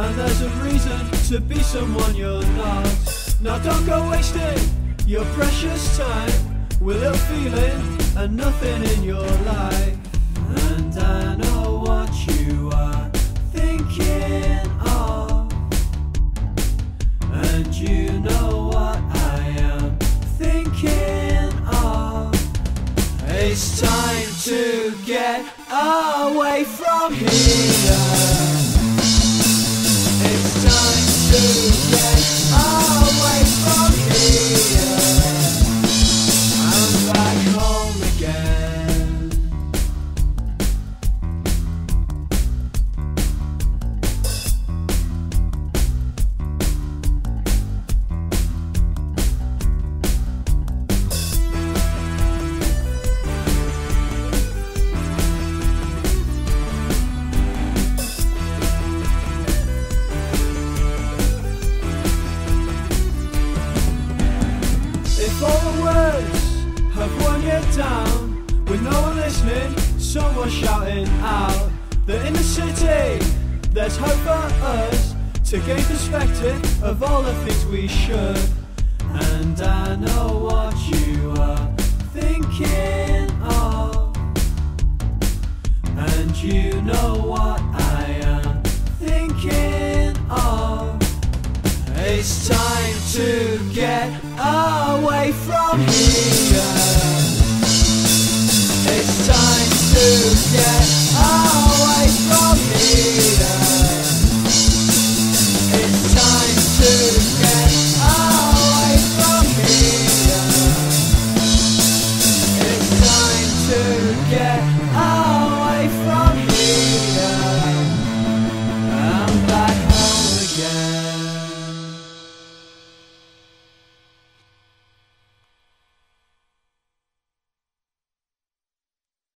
And there's a reason to be someone you're not. Now don't go wasting your precious time with a feeling and nothing in your life. And I know what you are thinking of. And you know what I am thinking of. It's time to get away from here. the words have worn you down. With no one listening, someone shouting out that in the city there's hope for us to gain perspective of all the things we should. And I know what you are thinking of, and you know what I am thinking of. It's time to get up away from here.